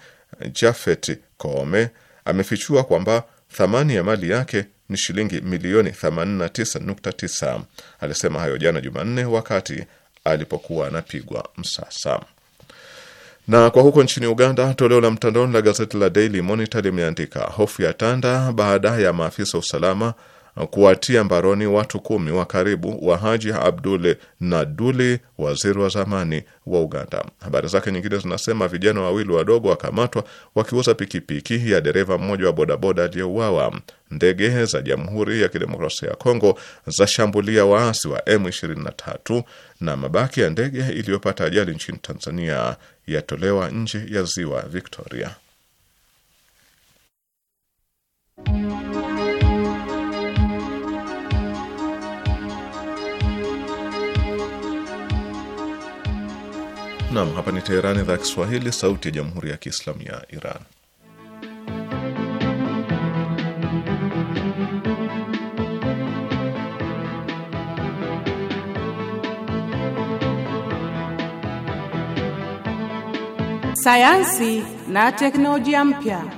Jafet Koome amefichua kwamba thamani ya mali yake ni shilingi milioni 89.9. Alisema hayo jana Jumanne wakati alipokuwa anapigwa msasa. Na kwa huko nchini Uganda, toleo la mtandaoni la gazeti la Daily Monitor limeandika hofu ya tanda baada ya maafisa usalama kuwatia mbaroni watu kumi wa karibu wa Haji Abdul Naduli, waziri wa zamani wa Uganda. Habari zake nyingine zinasema vijana wawili wadogo wakamatwa wakiuza pikipiki ya dereva mmoja wa bodaboda aliyeuawa. Ndege za Jamhuri ya Kidemokrasia ya Kongo zashambulia waasi wa M23 na mabaki ya ndege iliyopata ajali nchini Tanzania yatolewa nje ya ziwa Victoria. Nam, hapa ni Teherani, idhaa ya Kiswahili, sauti ya jamhuri ya kiislamu ya Iran. Sayansi na teknolojia mpya.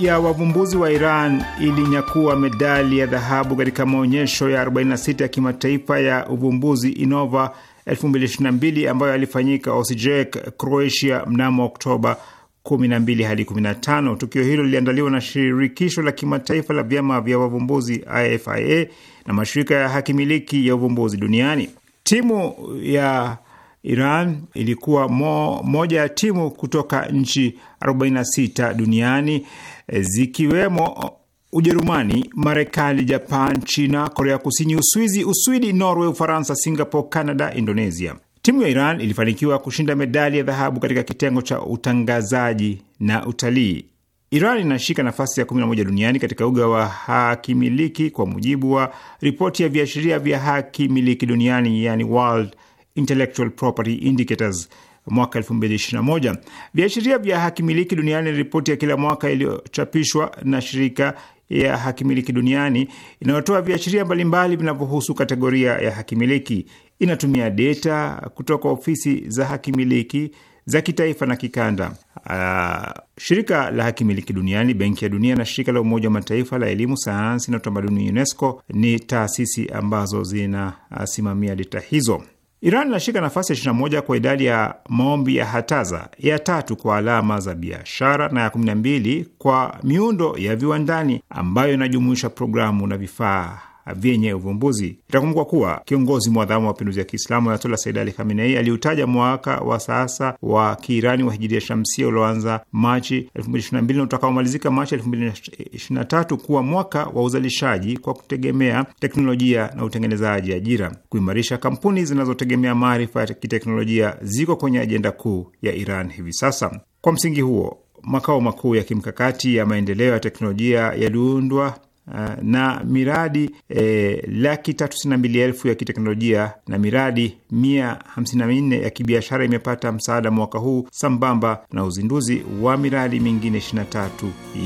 ya wavumbuzi wa Iran ilinyakua medali ya dhahabu katika maonyesho ya 46 ya kimataifa ya uvumbuzi inova 2022 ambayo alifanyika Osijek, Croatia mnamo Oktoba 12 hadi 15. Tukio hilo liliandaliwa na shirikisho la kimataifa la vyama vya wavumbuzi IFIA na mashirika ya haki miliki ya uvumbuzi duniani. Timu ya Iran ilikuwa mo, moja ya timu kutoka nchi 46 duniani Eh, zikiwemo uh, Ujerumani, Marekani, Japan, China, Korea Kusini, Uswizi, Uswidi, Norway, Ufaransa, Singapore, Canada, Indonesia. Timu ya Iran ilifanikiwa kushinda medali ya dhahabu katika kitengo cha utangazaji na utalii. Iran inashika nafasi ya 11 duniani katika uga wa hakimiliki kwa mujibu wa ripoti ya viashiria vya hakimiliki duniani, yani World Intellectual Property Indicators mwaka 2021. Viashiria vya hakimiliki duniani ni ripoti ya kila mwaka iliyochapishwa na shirika ya hakimiliki duniani inayotoa viashiria mbalimbali vinavyohusu kategoria ya hakimiliki. Inatumia data kutoka ofisi za hakimiliki za kitaifa na kikanda. Uh, shirika la hakimiliki duniani, Benki ya Dunia na shirika la Umoja wa Mataifa la elimu, sayansi na utamaduni UNESCO ni taasisi ambazo zinasimamia data hizo. Iran inashika nafasi ya 21 kwa idadi ya maombi ya hataza, ya tatu kwa alama za biashara na ya 12 kwa miundo ya viwandani ambayo inajumuisha programu na vifaa vyenye uvumbuzi. Itakumbukwa kuwa kiongozi mwadhamu wa mapinduzi ya Kiislamu Ayatola Said Ali Khamenei aliutaja mwaka wa sasa wa Kiirani wa hijiria shamsia ulioanza Machi 2022 na utakaomalizika Machi 2023 kuwa mwaka wa uzalishaji kwa kutegemea teknolojia na utengenezaji ajira. Kuimarisha kampuni zinazotegemea maarifa ya kiteknolojia ziko kwenye ajenda kuu ya Iran hivi sasa. Kwa msingi huo makao makuu ya kimkakati ya maendeleo ya teknolojia yaliundwa Ah, na miradi e, laki tatu tisini na mbili elfu ya kiteknolojia na miradi mia hamsini na minne ya kibiashara imepata msaada mwaka huu sambamba na uzinduzi wa miradi mingine 23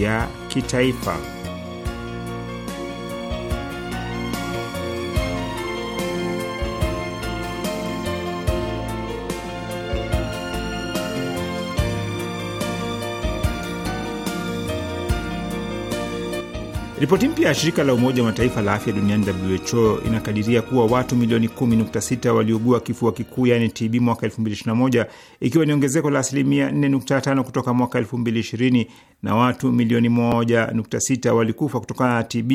ya kitaifa. Ripoti mpya ya shirika la Umoja wa Mataifa la afya duniani WHO inakadiria kuwa watu milioni 10.6 waliugua kifua kikuu yaani TB mwaka 2021 ikiwa ni ongezeko la asilimia 4.5 kutoka mwaka 2020 na watu milioni 1.6 walikufa kutokana na TB,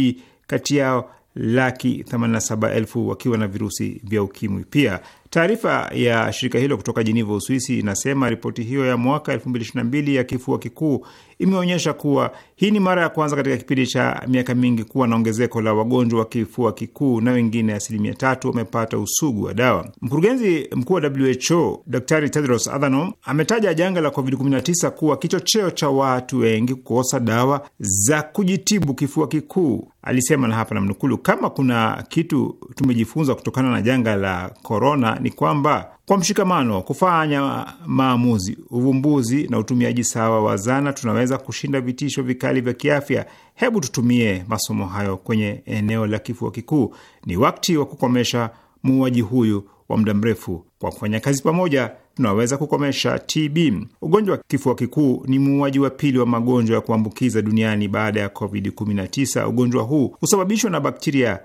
kati yao laki 87,000 wakiwa na virusi vya ukimwi. Pia taarifa ya shirika hilo kutoka Jiniva, Uswisi, inasema ripoti hiyo ya mwaka 2022 ya kifua kikuu imeonyesha kuwa hii ni mara ya kwanza katika kipindi cha miaka mingi kuwa na ongezeko la wagonjwa wa kifua kikuu na wengine asilimia tatu wamepata usugu wa dawa. Mkurugenzi mkuu wa WHO dri Tedros Adhanom ametaja janga la COVID-19 kuwa kichocheo cha watu wengi kukosa dawa za kujitibu kifua kikuu. Alisema na hapa namnukulu, kama kuna kitu tumejifunza kutokana na janga la korona ni kwamba kwa mshikamano, kufanya maamuzi, uvumbuzi na utumiaji sawa wa zana, tunaweza kushinda vitisho vikali vya kiafya. Hebu tutumie masomo hayo kwenye eneo la kifua kikuu. Ni wakati wa kukomesha muuaji huyu wa muda mrefu. Kwa kufanya kazi pamoja, tunaweza kukomesha TB. Ugonjwa wa kifua kikuu ni muuaji wa pili wa magonjwa ya kuambukiza duniani baada ya COVID-19. Ugonjwa huu husababishwa na bakteria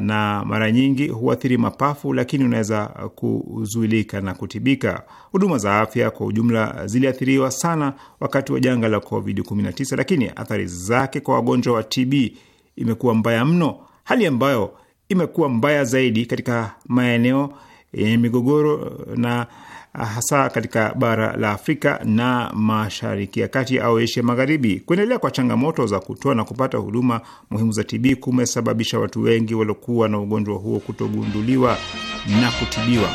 na mara nyingi huathiri mapafu, lakini unaweza kuzuilika na kutibika. Huduma za afya kwa ujumla ziliathiriwa sana wakati wa janga la COVID-19, lakini athari zake kwa wagonjwa wa TB imekuwa mbaya mno, hali ambayo imekuwa mbaya zaidi katika maeneo yenye migogoro na Ah, hasa katika bara la Afrika na Mashariki ya Kati au Asia Magharibi. Kuendelea kwa changamoto za kutoa na kupata huduma muhimu za TB kumesababisha watu wengi waliokuwa na ugonjwa huo kutogunduliwa na kutibiwa.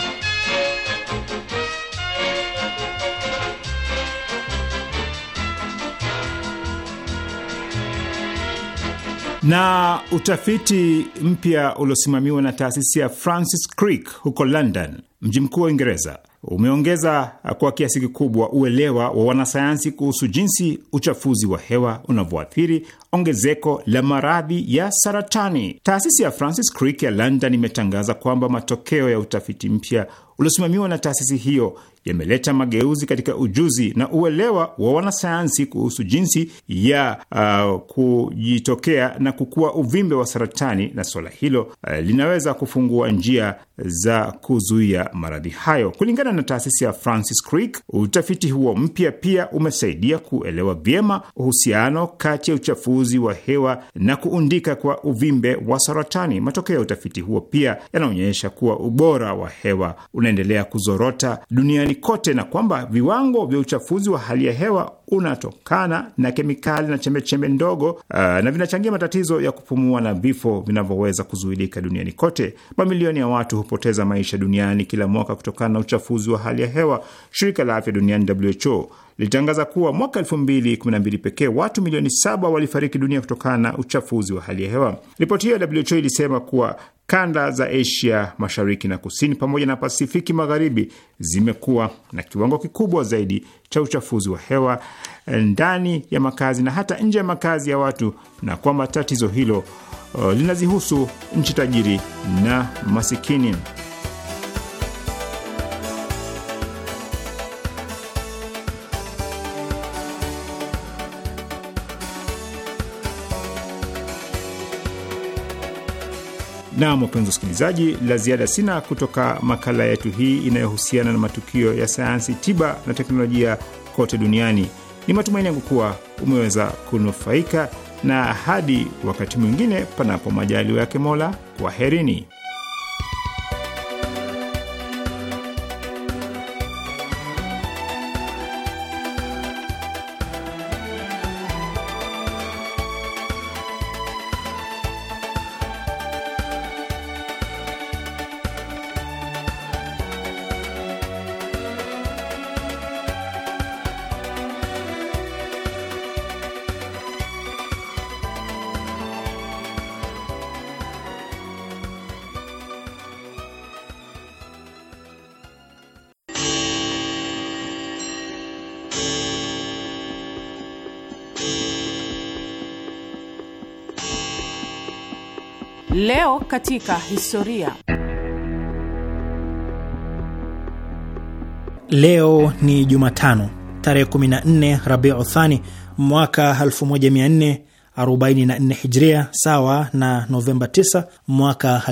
na utafiti mpya uliosimamiwa na taasisi ya Francis Crick huko London, mji mkuu wa Uingereza, umeongeza kwa kiasi kikubwa uelewa wa wanasayansi kuhusu jinsi uchafuzi wa hewa unavyoathiri ongezeko la maradhi ya saratani. Taasisi ya Francis Crick ya London imetangaza kwamba matokeo ya utafiti mpya uliosimamiwa na taasisi hiyo yameleta mageuzi katika ujuzi na uelewa wa wanasayansi kuhusu jinsi ya uh, kujitokea na kukua uvimbe wa saratani, na suala hilo uh, linaweza kufungua njia za kuzuia maradhi hayo. Kulingana na taasisi ya Francis Crick, utafiti huo mpya pia umesaidia kuelewa vyema uhusiano kati ya uchafuzi wa hewa na kuundika kwa uvimbe wa saratani. Matokeo ya utafiti huo pia yanaonyesha kuwa ubora wa hewa unaendelea kuzorota duniani kote na kwamba viwango vya uchafuzi wa hali ya hewa unatokana na kemikali na chembechembe -chembe ndogo uh, na vinachangia matatizo ya kupumua na vifo vinavyoweza kuzuilika duniani kote. Mamilioni ya watu hupoteza maisha duniani kila mwaka kutokana na uchafuzi wa hali ya hewa. Shirika la Afya Duniani WHO lilitangaza kuwa mwaka 2012 pekee watu milioni saba walifariki dunia kutokana na uchafuzi wa hali ya hewa. Ripoti hiyo ya WHO ilisema kuwa kanda za Asia mashariki na kusini pamoja na Pasifiki magharibi zimekuwa na kiwango kikubwa zaidi cha uchafuzi wa hewa eh, ndani ya makazi na hata nje ya makazi ya watu, na kwamba tatizo hilo uh, linazihusu nchi tajiri na masikini. Na wapenzi wasikilizaji, la ziada sina kutoka makala yetu hii inayohusiana na matukio ya sayansi, tiba na teknolojia kote duniani. Ni matumaini yangu kuwa umeweza kunufaika na hadi wakati mwingine, panapo majaliwa yake Mola, kwaherini. Leo katika historia. Leo ni Jumatano tarehe 14 Rabiu Thani mwaka 44 hijria sawa na Novemba 9 mwaka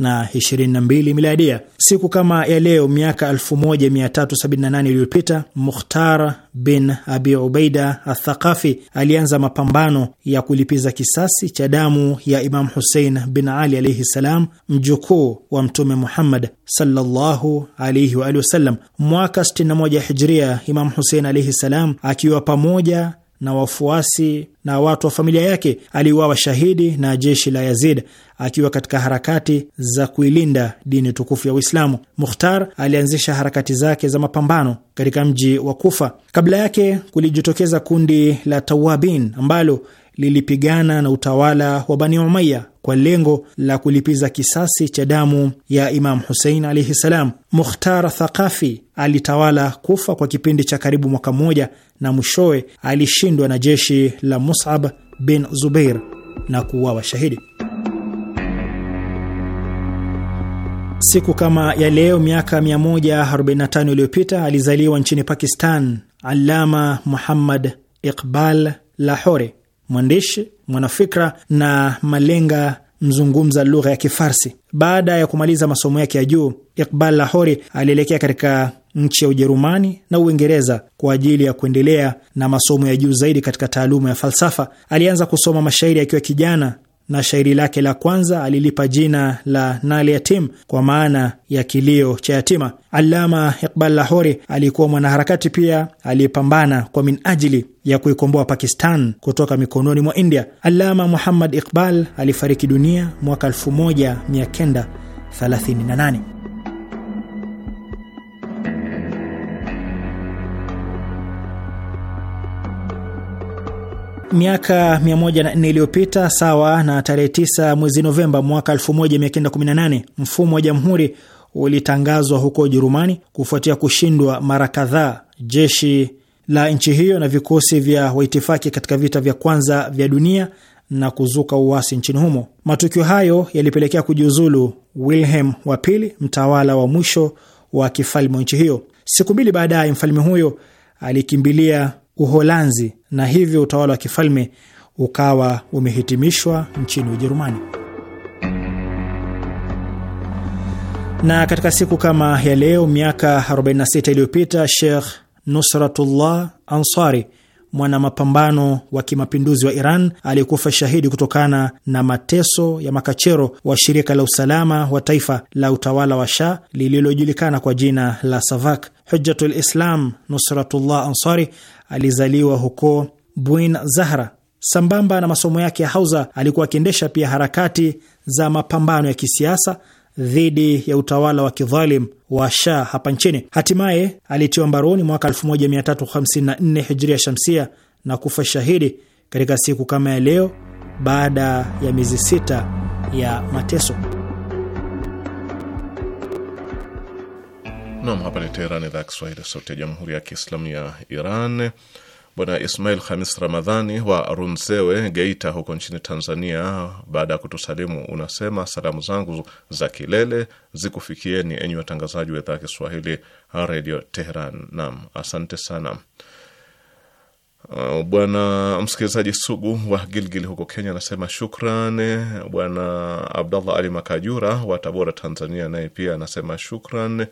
2022 miladia. Siku kama ya leo miaka 1378 iliyopita, Mukhtar bin Abi Ubaida Athaqafi alianza mapambano ya kulipiza kisasi cha damu ya Imam Hussein bin Ali alaihi ssalam mjukuu wa Mtume Muhammad sallallahu alaihi wasallam. Mwaka 61 hijria, Imam husein alaihi ssalam akiwa pamoja na wafuasi na watu wa familia yake, aliuawa shahidi na jeshi la Yazid akiwa katika harakati za kuilinda dini tukufu ya Uislamu. Mukhtar alianzisha harakati zake za mapambano katika mji wa Kufa. Kabla yake kulijitokeza kundi la Tawabin ambalo lilipigana na utawala wa Bani Umaya kwa lengo la kulipiza kisasi cha damu ya Imam Husein alaihi salam. Mukhtar Thaqafi alitawala Kufa kwa kipindi cha karibu mwaka mmoja, na mwishowe alishindwa na jeshi la Mus'ab bin Zubair na kuuawa shahidi. Siku kama ya leo miaka 145 iliyopita alizaliwa nchini Pakistan Allama Muhammad Iqbal Lahore, mwandishi mwanafikra na malenga mzungumza lugha ya Kifarsi. Baada ya kumaliza masomo yake ya juu, Iqbal Lahori alielekea katika nchi ya Ujerumani na Uingereza kwa ajili ya kuendelea na masomo ya juu zaidi katika taaluma ya falsafa. Alianza kusoma mashairi akiwa kijana na shairi lake la kwanza alilipa jina la Nali Yatim kwa maana ya kilio cha yatima. Allama Iqbal Lahori alikuwa mwanaharakati pia aliyepambana kwa minajili ya kuikomboa Pakistan kutoka mikononi mwa India. Allama Muhammad Iqbal alifariki dunia mwaka 1938. miaka 104 iliyopita sawa na tarehe 9 mwezi Novemba mwaka 1918 mfumo wa jamhuri ulitangazwa huko Ujerumani kufuatia kushindwa mara kadhaa jeshi la nchi hiyo na vikosi vya waitifaki katika vita vya kwanza vya dunia na kuzuka uasi nchini humo. Matukio hayo yalipelekea kujiuzulu Wilhelm wa pili, mtawala wa mwisho wa kifalme wa nchi hiyo. Siku mbili baadaye, mfalme huyo alikimbilia Uholanzi, na hivyo utawala wa kifalme ukawa umehitimishwa nchini Ujerumani. Na katika siku kama ya leo miaka 46 iliyopita Sheikh Nusratullah Ansari mwana mapambano wa kimapinduzi wa Iran aliyekufa shahidi kutokana na mateso ya makachero wa shirika la usalama wa taifa la utawala wa Shah lililojulikana kwa jina la SAVAK. Hujjatul Islam Nusratullah Ansari alizaliwa huko Buin Zahra. Sambamba na masomo yake ya hauza, alikuwa akiendesha pia harakati za mapambano ya kisiasa dhidi ya utawala wa kidhalim wa Shah hapa nchini. Hatimaye alitiwa mbaroni mwaka 1354 Hijria Shamsia na kufa shahidi katika siku kama ya leo baada ya miezi sita ya mateso. Nam, hapa ni Teherani, idhaa ya Kiswahili, sauti ya jamhuri ya kiislamu ya Iran. Bwana Ismail Khamis Ramadhani wa Runzewe, Geita, huko nchini Tanzania, baada ya kutusalimu unasema, salamu zangu za kilele zikufikieni enyi watangazaji wa idhaa ya Kiswahili redio Teheran. Nam, asante sana. Uh, bwana msikilizaji sugu wa Gilgil huko Kenya anasema shukran. Bwana Abdallah Ali Makajura wa Tabora, Tanzania, naye pia anasema shukran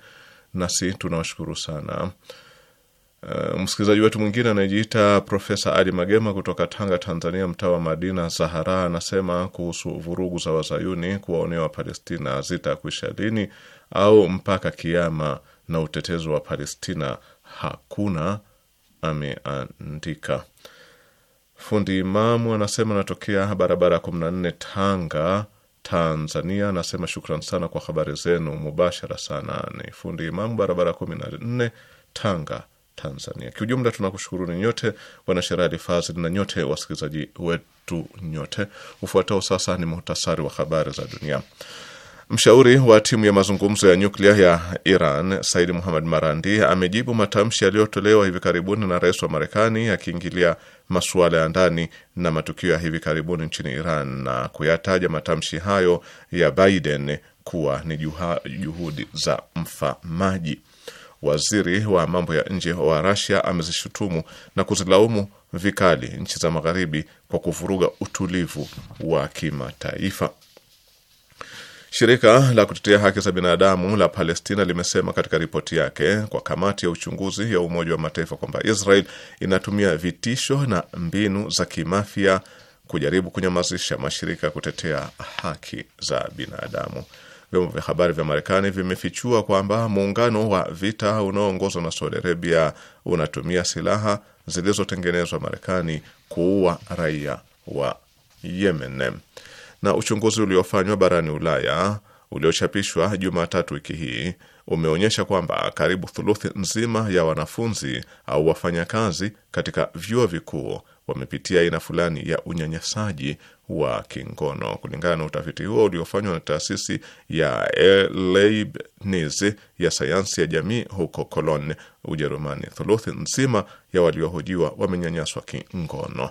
nasi tunawashukuru sana. Uh, msikilizaji wetu mwingine anayejiita Profesa Ali Magema kutoka Tanga, Tanzania, mtaa wa Madina Zahara, anasema kuhusu vurugu za Wazayuni kuwaonewa Palestina zitakuisha lini au mpaka kiama, na utetezi wa Palestina hakuna, ameandika. Fundi Imamu anasema anatokea barabara ya kumi na nne Tanga Tanzania anasema shukran sana kwa habari zenu mubashara sana. Ni fundi Imamu, barabara kumi na nne, Tanga, Tanzania. Kiujumla tunakushukuru ni nyote wanasheria Alfazil na nyote wasikilizaji wetu nyote. Ufuatao sasa ni muhtasari wa habari za dunia. Mshauri wa timu ya mazungumzo ya nyuklia ya Iran Said Muhammad Marandi amejibu matamshi yaliyotolewa hivi karibuni na rais wa Marekani akiingilia masuala ya ndani na matukio ya hivi karibuni nchini Iran na kuyataja matamshi hayo ya Biden kuwa ni juha, juhudi za mfamaji. Waziri wa mambo ya nje wa rasia amezishutumu na kuzilaumu vikali nchi za magharibi kwa kuvuruga utulivu wa kimataifa. Shirika la kutetea haki za binadamu la Palestina limesema katika ripoti yake kwa kamati ya uchunguzi ya Umoja wa Mataifa kwamba Israel inatumia vitisho na mbinu za kimafia kujaribu kunyamazisha mashirika ya kutetea haki za binadamu. Vyombo vya habari vya Marekani vimefichua kwamba muungano wa vita unaoongozwa na Saudi Arabia unatumia silaha zilizotengenezwa Marekani kuua raia wa Yemen na uchunguzi uliofanywa barani Ulaya uliochapishwa Jumatatu wiki hii umeonyesha kwamba karibu thuluthi nzima ya wanafunzi au wafanyakazi katika vyuo vikuu wamepitia aina fulani ya unyanyasaji wa kingono, kulingana na utafiti huo uliofanywa na taasisi ya Leibniz ya sayansi ya jamii huko Cologne, Ujerumani. Thuluthi nzima ya waliohojiwa wamenyanyaswa kingono.